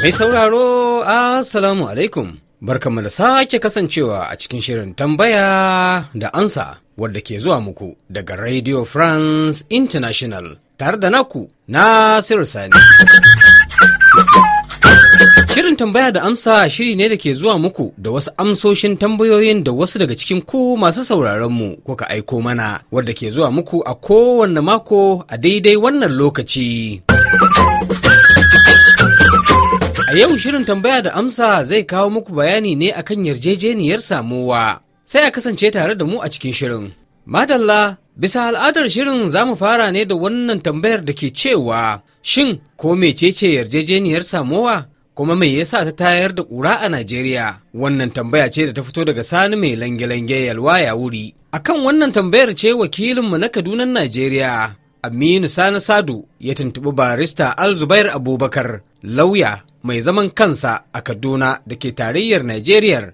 Mai sauraro, Assalamu alaikum. Barkanmu da sake kasancewa a cikin shirin tambaya da ansa wadda ke zuwa muku daga Radio France International tare da naku Nasiru Sani. Shirin tambaya da amsa shiri ne da ke zuwa muku da wasu amsoshin tambayoyin da wasu daga cikin ku masu sauraronmu kuka aiko mana wadda ke zuwa muku a kowane mako a daidai wannan lokaci. A yau shirin tambaya da amsa zai kawo muku bayani ne akan yarjejeniyar samuwa. Sai a kasance tare da mu a cikin shirin. Madalla, bisa al'adar shirin za mu fara ne da wannan tambayar da ke cewa, shin ko mecece yarjejeniyar samowa? kuma me yasa ta tayar da ƙura a Najeriya? Wannan tambaya ce da ta fito daga Sani mai lange-lange yalwa ya wuri. A kan wannan tambayar ce wakilinmu na kadunan Najeriya, Aminu Sani Sadu ya tuntuɓi barista Alzubair Abubakar, lauya mai zaman kansa a Kaduna da ke tarayyar Najeriya.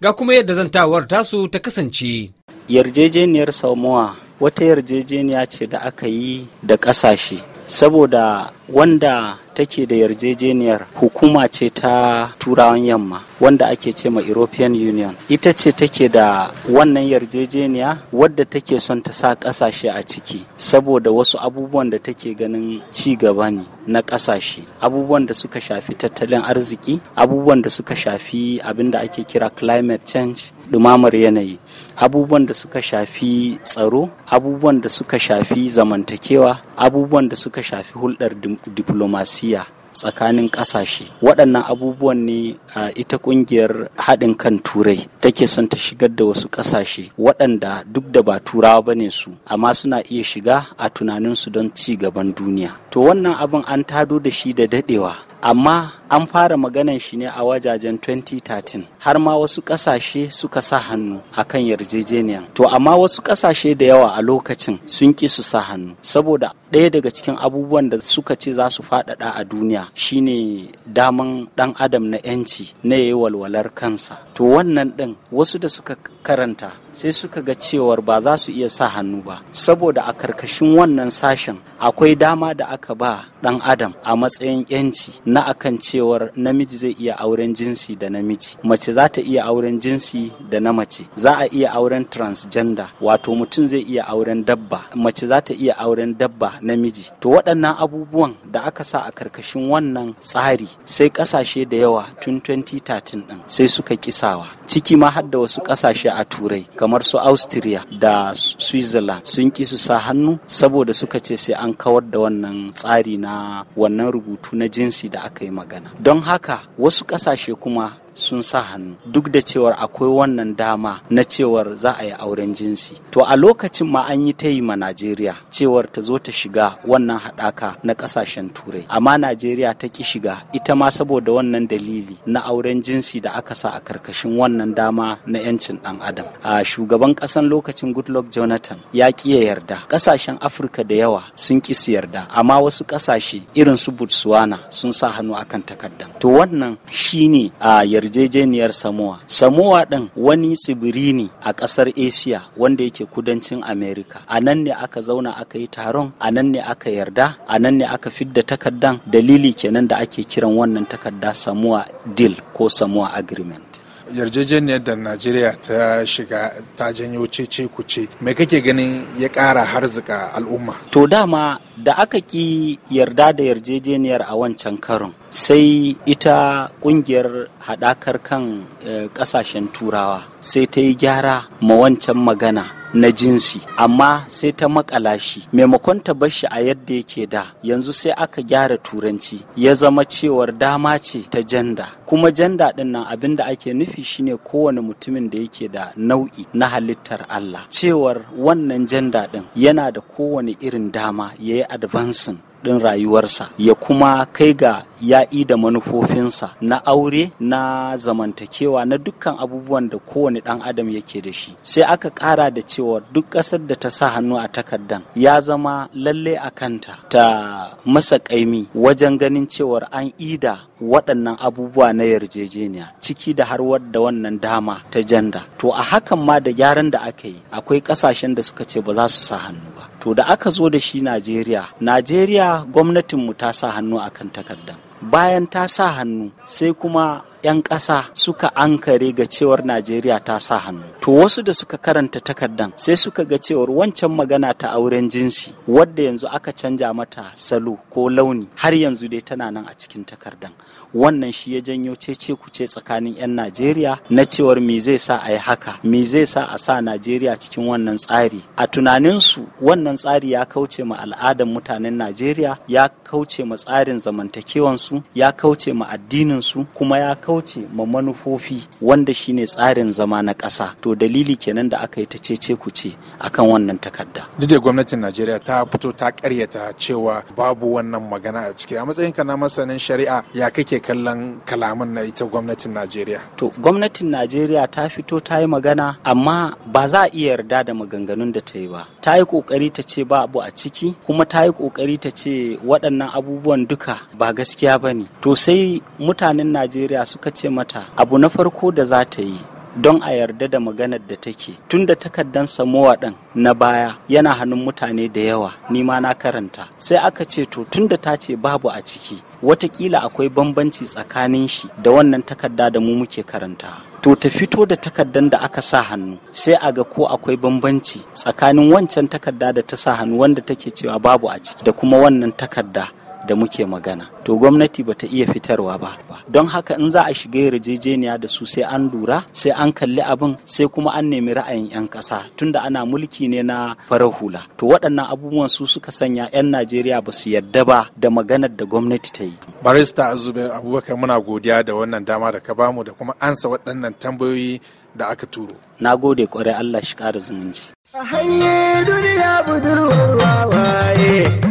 Ga kuma yadda zantawar tasu ta kasance. Yarjejeniyar Samoa wata yarjejeniya ce da aka yi da ƙasashe saboda wanda take da yarjejeniyar hukuma ce ta turawan yamma wanda ake ce ma European Union. Ita ce take da wannan yarjejeniya wadda take son ta sa kasashe a ciki saboda wasu abubuwan da take ganin ci gaba ne na kasashe Abubuwan da suka shafi tattalin arziki, abubuwan da suka shafi abin da ake kira climate change, dumamar yanayi, abubuwan da suka shafi tsaro, abubuwan da suka shafi zamantakewa, abubuwan da suka shafi hulɗar diplomasiya. tsakanin ƙasashe waɗannan abubuwan ne a ita ƙungiyar haɗin kan turai take son ta shigar da wasu ƙasashe waɗanda duk da ba turawa ba ne su amma suna iya shiga a tunaninsu don ci gaban duniya to wannan abin an tado da shi da dadewa amma an fara maganan shi ne a wajajen 2013 har ma wasu kasashe suka sa hannu a kan yarjejeniyar. to amma wasu kasashe da yawa a lokacin sun ƙi su sa hannu saboda ɗaya daga cikin abubuwan da suka ce za su faɗaɗa a duniya shine daman ɗan adam na 'yanci na yayi walwalar kansa to wannan ɗin wasu da suka karanta sai suka ga cewar ba za su iya sa hannu ba saboda a karkashin wannan sashen akwai dama da aka ba ɗan adam a matsayin yanci na akan cewar namiji zai iya auren jinsi da namiji mace za ta iya auren jinsi da na mace za a iya auren transgender wato mutum zai iya auren dabba mace za ta iya auren dabba namiji to waɗannan abubuwan da aka sa a karkashin wannan tsari sai ƙasashe da yawa tun 2013 ɗin sai suka ƙisa. turawa ciki ma har da wasu kasashe a turai kamar su austria da switzerland sun ki su sa hannu saboda suka ce sai an kawar da wannan tsari na wannan rubutu na jinsi da aka yi magana don haka wasu kasashe kuma sun sa hannu duk da cewar akwai wannan dama na cewar za a yi auren jinsi to a lokacin ma an yi ta yi ma najeriya cewar ta zo ta shiga wannan haɗaka na ƙasashen turai amma najeriya ta ki shiga ita ma saboda wannan dalili na auren jinsi da aka sa a karkashin wannan dama na 'yancin ɗan adam a shugaban ƙasan lokacin goodluck jonathan ya ki ya yarda ƙasashen afirka da yawa sun ki su yarda amma wasu ƙasashe irin su botswana sun sa hannu akan takardar to wannan shine a yarjejeniyar samoa samoa ɗin wani tsibiri ne a ƙasar asia wanda yake kudancin america a nan ne aka zauna aka yi taron a nan ne aka yarda a nan ne aka fidda takardan dalili kenan da ake kiran wannan takarda samoa deal ko samoa agreement yarjejeniyar da najeriya ta shiga ta janyo cece kuce mai kake ganin ya ƙara harzika al'umma to dama da aka ki yarda da yarjejeniyar a wancan karon sai ita kungiyar haɗakar kan eh, ƙasashen turawa sai ta yi gyara ma wancan magana na jinsi amma sai ta makala shi maimakon ta bar shi a yadda yake da yanzu sai aka gyara turanci ya zama cewar dama ce ta janda kuma janda din nan abin da ake nufi shine kowane mutumin da yake da nau'i na halittar Allah cewar wannan janda din yana da kowane irin dama yayi yi advancing ɗin rayuwarsa ya kuma kai ga ya'i da manufofinsa na aure na zamantakewa na dukkan abubuwan da kowane ɗan adam yake da shi sai aka ƙara da cewa duk ƙasar da ta sa hannu a takardan ya zama lalle a kanta ta masa ƙaimi wajen ganin cewar an ida waɗannan abubuwa na yarjejeniya ciki da har da wannan dama ta janda to a hakan ma da gyaran da aka yi akwai ƙasashen da suka ce ba za su sa hannu ba to da aka zo da shi najeriya najeriya gwamnatinmu ta sa hannu a kan takardan, bayan ta sa hannu sai kuma 'yan ƙasa suka ankare ga cewar Najeriya ta sa hannu. To wasu da suka karanta takardan sai suka ga cewar wancan magana ta auren jinsi wadda yanzu aka canja mata salo ko launi har yanzu dai tana nan a cikin takardan. Wannan shi ya janyo cece kuce tsakanin 'yan Najeriya na cewar me zai sa a yi haka, me zai sa a sa Najeriya cikin wannan tsari. A tunaninsu wannan tsari ya kauce ma al'adan mutanen Najeriya ya kauce ma tsarin zamantakewansu ya kauce ma addininsu kuma ya kauce ma manufofi wanda shine tsarin zama na ƙasa to dalili kenan da aka yi ta cece ce akan wannan takarda duk da gwamnatin najeriya ta fito ta karyata cewa babu wannan magana a ciki a matsayin ka na masanin shari'a ya kake kallon kalaman na ita gwamnatin najeriya to gwamnatin najeriya ta fito ta yi magana amma ba za a iya yarda da maganganun da ta yi ba ta yi kokari ta ce babu a ciki kuma ta yi kokari ta ce waɗannan waɗannan abubuwan duka ba gaskiya ba ne to sai mutanen najeriya suka ce mata abu na farko da za ta yi don a yarda da maganar da take tun da takardan samuwa ɗin na baya yana hannun mutane da yawa nima na karanta sai aka ce to tun da ta ce babu a ciki watakila akwai bambanci tsakanin shi da wannan takarda da mu muke karanta to ta fito da takardan da aka sa hannu sai a ga ko akwai bambanci tsakanin wancan takarda da ta sa hannu wanda take cewa babu a ciki da kuma wannan takarda da muke magana to gwamnati bata iya fitarwa ba don haka in za a shiga yarjejeniya da su sai an lura sai an kalli abin sai kuma an nemi ra'ayin 'yan ƙasa tunda ana mulki ne na farar hula to waɗannan abubuwan su suka sanya 'yan najeriya ba su yarda ba da maganar da gwamnati ta yi barista azubin abubakar muna godiya da wannan dama da ka bamu da kuma ansa waɗannan tambayoyi da aka turo na gode kwarai allah shi ƙara zumunci a duniya budurwa waye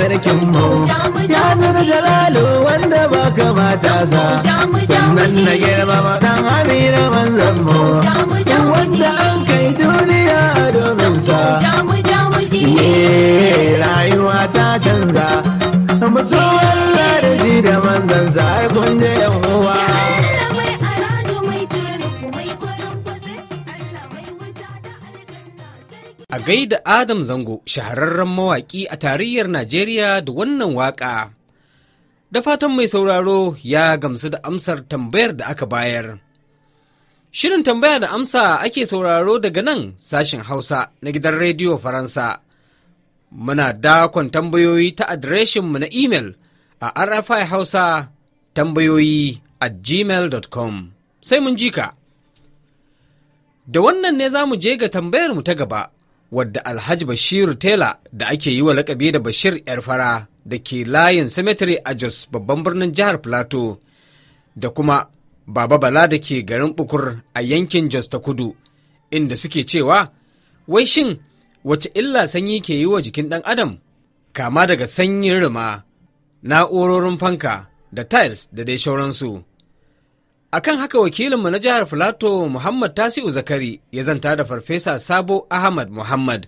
sarkin mu ya zara jalalu wanda ba kamata sa sannan na girmama dan amina manzan mu wanda an kai duniya a domin sa rayuwa ta canza musu Allah da shi da manzansa sa kun je yan da Adam Zango shahararren mawaƙi a tarayyar Najeriya da wannan waƙa. Da fatan mai sauraro ya gamsu da amsar tambayar da aka bayar. Shirin tambaya da amsa ake sauraro daga nan sashen Hausa na gidan Rediyo Faransa. Muna dakon tambayoyi ta adireshinmu na imel a RFI Hausa tambayoyi a gmail.com. Sai mun jika. Da wannan ne za mu je ga tambayarmu ta gaba. wadda Alhaji Bashiru Tela da ake yi wa lakabi da Bashir Yarfara da ke layin cemetery a Jos babban birnin jihar Plateau da kuma Baba Bala da ke garin Bukur a yankin Jos ta kudu inda suke cewa wai shin wace illa sanyi ke yi wa jikin ɗan adam kama daga sanyin rima na'urorin fanka da tiles da dai sauransu akan haka wakilinmu na jihar filato muhammad tasiu zakari ya zanta da farfesa sabo ahmad muhammad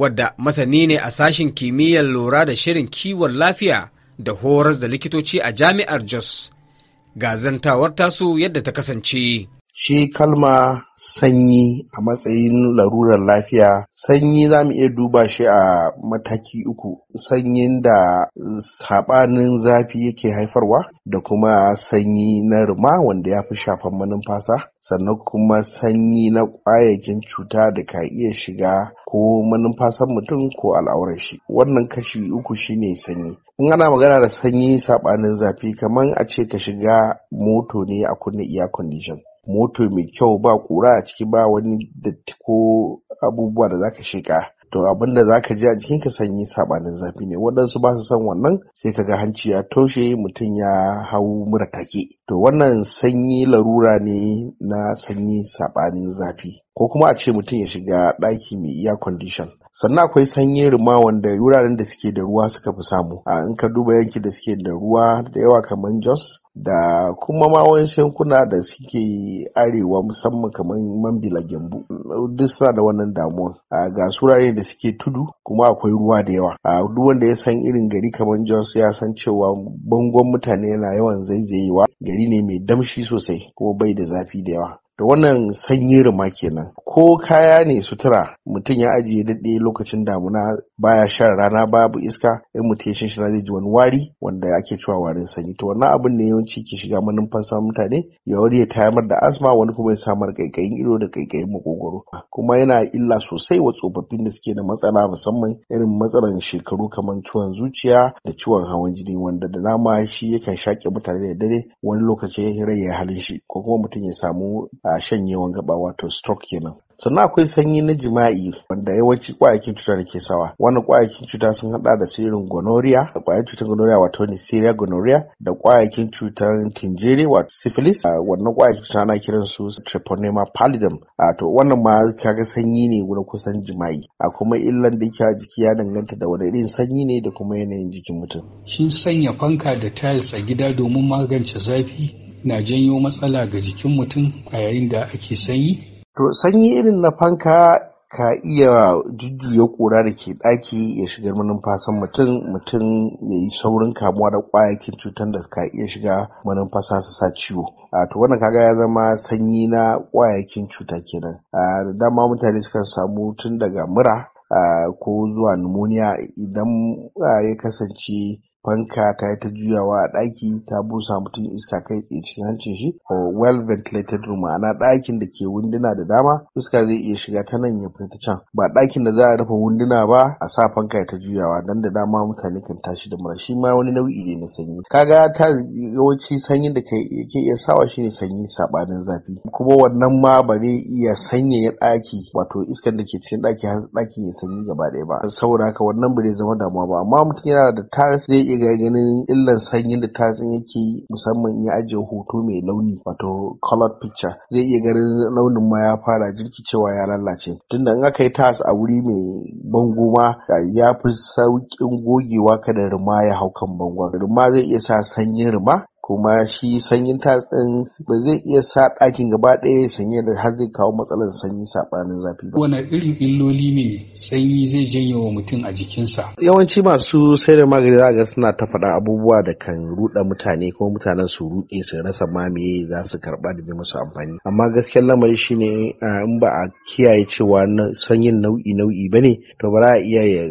wadda masani ne a sashen kimiyyar lura da shirin kiwon lafiya da horas da likitoci a jami'ar jos ga zantawar tasu yadda ta kasance shi kalma sanyi a matsayin larurar lafiya sanyi za mu iya duba shi a mataki uku sanyin da saɓanin zafi yake haifarwa da kuma sanyi na ruma wanda ya fi shafan manumfasa sannan kuma sanyi na ƙwayakin cuta da ka iya shiga ko manumfasan mutum ko al'aurar shi wannan kashi uku shine sanyi in ana magana da sanyi saɓanin zafi kaman a ce ka shiga moto ne a kunne iya condition moto mai kyau ba kura a ciki ba wani datti ko abubuwa da zaka sheka to abin da zaka ji a ka sanyi sabanin zafi ne waɗansu ba su san wannan sai ka ga hanci ya toshe mutum ya hau mura take to wannan sanyi larura ne na sanyi sabanin zafi ko kuma a ce mutum ya shiga ɗaki mai iya condition sannan akwai sanyin rima wanda wuraren da suke da ruwa suka fi samu a in ka duba yanki da suke da ruwa da yawa kamar jos da kuma ma wani yankuna da suke arewa musamman kamar mambila gembu duk suna da wannan damuwa a ga surare da suke tudu kuma akwai ruwa da yawa a duk wanda ya san irin gari kamar jos ya san cewa bangon mutane yana yawan zaizayewa gari ne mai damshi sosai kuma bai da zafi da yawa da wannan sanyi rima kenan ko kaya ne sutura mutum ya ajiye daɗe lokacin damuna baya shan rana babu iska in mutum ya shi zai ji wani wari wanda ake cewa warin sanyi to wannan abin ne yawanci ke shiga manumfansa mutane ya wari ya tayar da asma wani kuma ya samar kaikayin ido da kaikayin makogoro kuma yana illa sosai wa tsofaffin da suke da matsala musamman irin matsalan shekaru kamar ciwon zuciya da ciwon hawan jini wanda da dama shi yakan shaƙe mutane da dare wani lokaci ya rai ya halin shi ko kuma mutum ya samu a shanyewan gaba wato stroke kenan sannan akwai sanyi na jima'i wanda yawanci kwayakin cuta da ke sawa wannan kwayakin cuta sun hada da su irin gonorrhea da kwayar cutar gonorrhea wato ne neisseria gonorrhea da kwayakin cutar kinjere wato syphilis wannan kwayakin cuta ana kiran su treponema pallidum to wannan ma kaga sanyi ne wurin kusan jima'i a kuma illan da yake a jiki ya danganta da wani irin sanyi ne da kuma yanayin jikin mutum shin sanya fanka da tiles a gida domin magance zafi na janyo matsala ga jikin mutum a yayin da ake sanyi? To sanyi irin na fanka ka iya jujjuya ƙura da ke ɗaki ya shigar manumfasan mutum mutum ya yi saurin kamuwa da ƙwayakin cutar da ka iya shiga manumfasa su sa ciwo a to wannan kaga ya zama sanyi na ƙwayakin cuta kenan a da dama mutane suka samu tun daga mura ko zuwa numoniya idan ya kasance fanka ta yi ta juyawa a ɗaki ta busa mutum iska kai tsaye cikin hancin shi a well ventilated room ma'ana ɗakin da ke wunduna da dama iska zai iya shiga ta nan ya fita can ba ɗakin da za a rufe wunduna ba a sa fanka ta juyawa dan da dama mutane kan tashi da mura shi ma wani nau'i ne na sanyi kaga ta yawanci sanyin da ke iya sawa shine sanyi sabanin zafi kuma wannan ma ba zai iya sanyaya ɗaki wato iskan da ke cikin ɗaki har ɗakin ya sanyi gaba ɗaya ba saboda haka wannan ba zai zama damuwa ba amma mutum yana da taris zai iya ganin illan sanyin da tafin yake yi musamman ya ajiye hoto mai launi wato colored picture zai iya ganin launin ma ya fara jirkicewa ya lalace tunda in aka yi tas a wuri mai bango ma ya fi sauƙin gogewa kada rima ya hau kan bangon rima zai iya sa sanyin rima kuma shi sanyin tatsin ba zai iya sa ɗakin gaba ɗaya sanye da har zai kawo matsalar sanyi saɓanin zafi ba. Wane irin illoli ne sanyi zai janyo wa mutum a jikinsa? Yawanci masu sai da magani za ga suna ta faɗa abubuwa da kan ruɗa mutane kuma mutanen su ruɗe su rasa ma me za su karɓa da musu amfani. Amma gaskiyar lamari shine in ba a kiyaye cewa sanyin nau'i nau'i ba ne to ba za a iya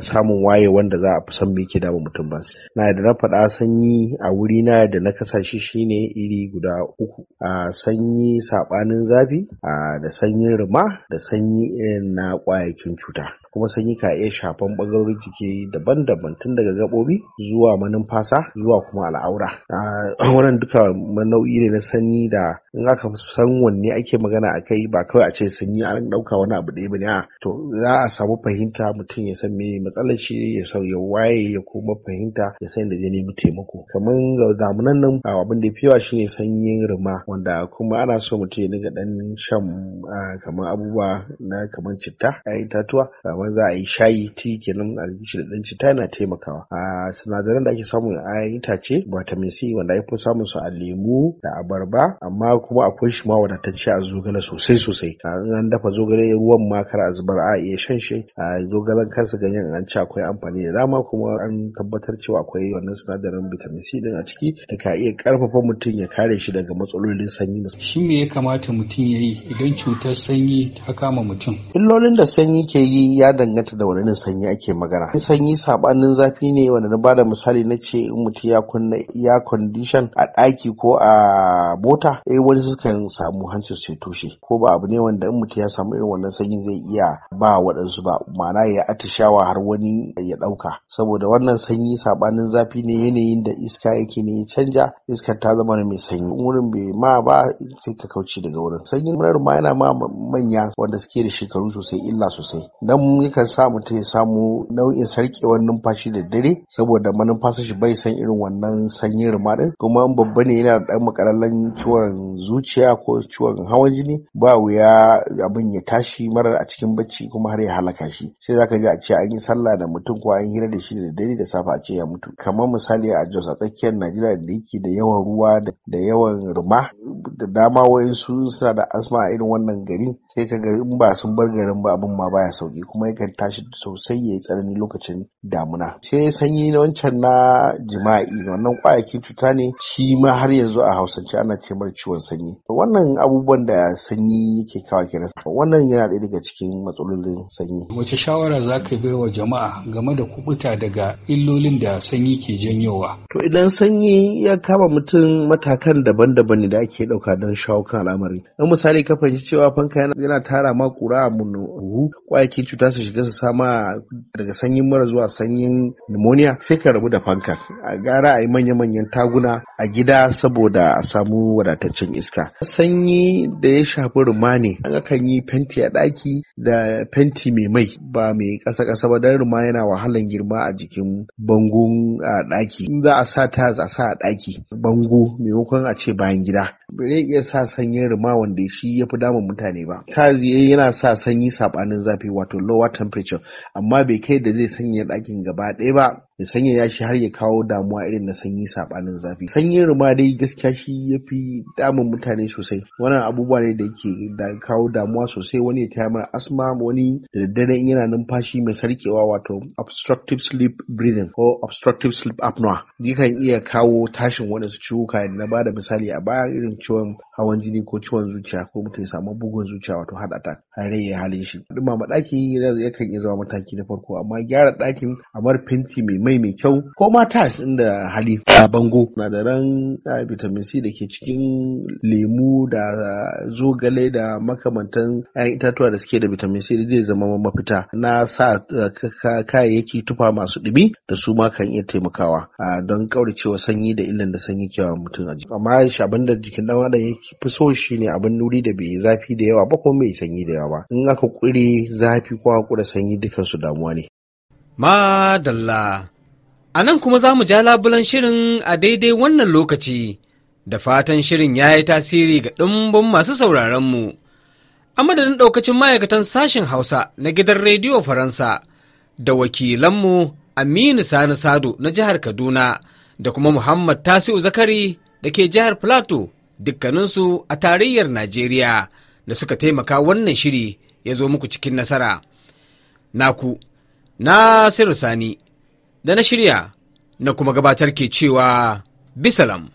samun waye wanda za a fi san me ke damun mutum ba. Na da na faɗa sanyi a wuri na da na kasa shi shine iri guda uku a sanyi saɓanin zafi a da sanyin rima da sanyi irin na ƙwayakin cuta kuma sanyi ka iya shafan bagarorin jiki daban-daban tun daga gabobi zuwa manumfasa zuwa kuma al'aura ah, wannan duka nau'i ne na sanyi da in aka san wanne ake magana a kai ba kawai a ce sanyi an ɗauka wani abu ɗaya bane a to za a samu fahimta mutum ya san me matsalar shi ya sau ya waye ya kuma fahimta ya san da zai nemi taimako kamar damunan nan ah, abin da fi yawa shine sanyin rima wanda kuma ana so mutum ya dinga ɗan shan ah, kamar abubuwa na kamar citta 'ya'yan tatuwa. kamar za a yi shayi ti kenan a shi da ɗan ta yana taimakawa a sinadaran da ake samu a 'ya'yan itace vitamin C wanda ake samun su a lemu da abarba amma kuma akwai shi ma wadatacce a zogale sosai sosai in an dafa zogale ruwan ma kar a zubar a iya shan shi a zogalen kansa ganyen an ci akwai amfani da dama kuma an tabbatar cewa akwai wannan sinadarin vitamin C din a ciki da ka iya karfafa mutum ya kare shi daga matsalolin sanyi shi me ya kamata mutum ya yi idan cutar sanyi ta kama mutum illolin da sanyi ke yi ya danganta da wani sanyi ake magana sanyi sabanin zafi ne wanda na bada misali na ce in mutum ya kunna air condition a ɗaki ko a bota, eh wani sukan samu hancin su toshe ko ba abu ne wanda in mutu ya samu irin wannan sanyi zai iya ba waɗansu ba ma'ana ya atishawa har wani ya ɗauka saboda wannan sanyi sabanin zafi ne yanayin da iska yake ne ya canja iskar ta zama mai sanyi wurin bai ma ba sai ka kauce daga wurin sanyin murar ma yana ma manya wanda suke da shekaru sosai illa sosai dan alamu yakan sa mutum ya samu nau'in sarkewar numfashi da dare saboda manumfasar shi bai san irin wannan sanyin din kuma babba ne yana da ɗan makarallan ciwon zuciya ko ciwon hawan jini ba wuya abin ya tashi mara a cikin bacci kuma har ya halaka shi sai zaka ji a ce an yi sallah da mutum ko an hira da shi da dare da safe a ce ya mutu kamar misali a Jos a tsakiyar Najeriya da yake da yawan ruwa da yawan ruma da dama wayansu suna da asma a irin wannan gari sai kaga in ba sun bar garin ba abin ma baya sauki kuma yakan tashi sosai ya yi tsanani lokacin damuna sai sanyi na wancan na jima'i wannan kwayakin cuta ne shi ma har yanzu a hausance ana ce mar ciwon sanyi wannan abubuwan da sanyi yake kawo kenan wannan yana ɗaya daga cikin matsalolin sanyi wace shawara za ka bai wa jama'a game da kubuta daga illolin da sanyi ke janyowa to idan sanyi ya kama mutum matakan daban-daban ne da ake ɗauka don shawo kan al'amari na misali ka fahimci cewa fanka yana tara ma kura a huhu kwayakin cuta su shiga su sama daga sanyin mara zuwa sanyin pneumonia sai ka rabu da fankan a gara a yi manya-manyan taguna a gida saboda a samu wadataccen iska sanyi da ya shafi rumani an akan yi fenti a ɗaki da fenti mai mai ba mai kasa-kasa ba don ruma yana wahalan girma a jikin bangon a ɗaki in za a sa ta a sa a ɗaki bango maimakon a ce bayan gida ba iya sa sanyin ruma wanda shi ya fi damun mutane ba ta eh, yana sa sanyi saɓanin zafi wato lower temperature amma bai kai da zai sanya dakin gaba ɗaya ba ya sanya ya shi har ya kawo damuwa irin na sanyi saɓanin zafi sanyin ruma dai gaskiya shi ya fi damun mutane sosai wannan abubuwa ne da ke da kawo damuwa sosai wani ya taya mara asma wani da daddare in yana numfashi mai sarkewa wato obstructive sleep breathing ko obstructive sleep apnea yakan iya kawo tashin waɗansu ciwuka na ba da misali a baya irin ciwon hawan jini ko ciwon zuciya ko mutum ya samu bugun zuciya wato heart attack har ya halin shi dumama ɗaki yakan iya zama mataki na farko amma gyara ɗakin a bar fenti mai mai mai kyau ko ma tiles da hali a bango na da ran ah, vitamin C da ke cikin lemu da zogale da makamantan 'ya'yan itatuwa da suke da vitamin C zai zama mafita na sa ah, kayayyaki tufa masu ɗumi da su ma kan iya taimakawa ah, don kauracewa sanyi da illan da sanyi ke wa mutum a jiki amma shaban da jikin ɗan adam yake fi so shi ne abin nuri da bai zafi da yawa ba ko mai sanyi da yawa ba in aka kure zafi ko zaƙo da sanyi dukansu damuwa ne. Madalla, a nan kuma za mu ja labulan shirin a daidai wannan lokaci, da fatan shirin ya yi tasiri ga ɗumbin masu sauraronmu. A madadin ɗaukacin ma'aikatan sashen Hausa na gidan Rediyo Faransa, da wakilanmu Aminu Sani Sado na jihar Kaduna, da kuma Muhammad Tasi'u Zakari da ke jihar plato dukkaninsu a tarayyar Najeriya, da suka taimaka wannan shiri ya zo muku cikin nasara. naku na nasiru sani da na shirya na kuma gabatar ke cewa bisalam.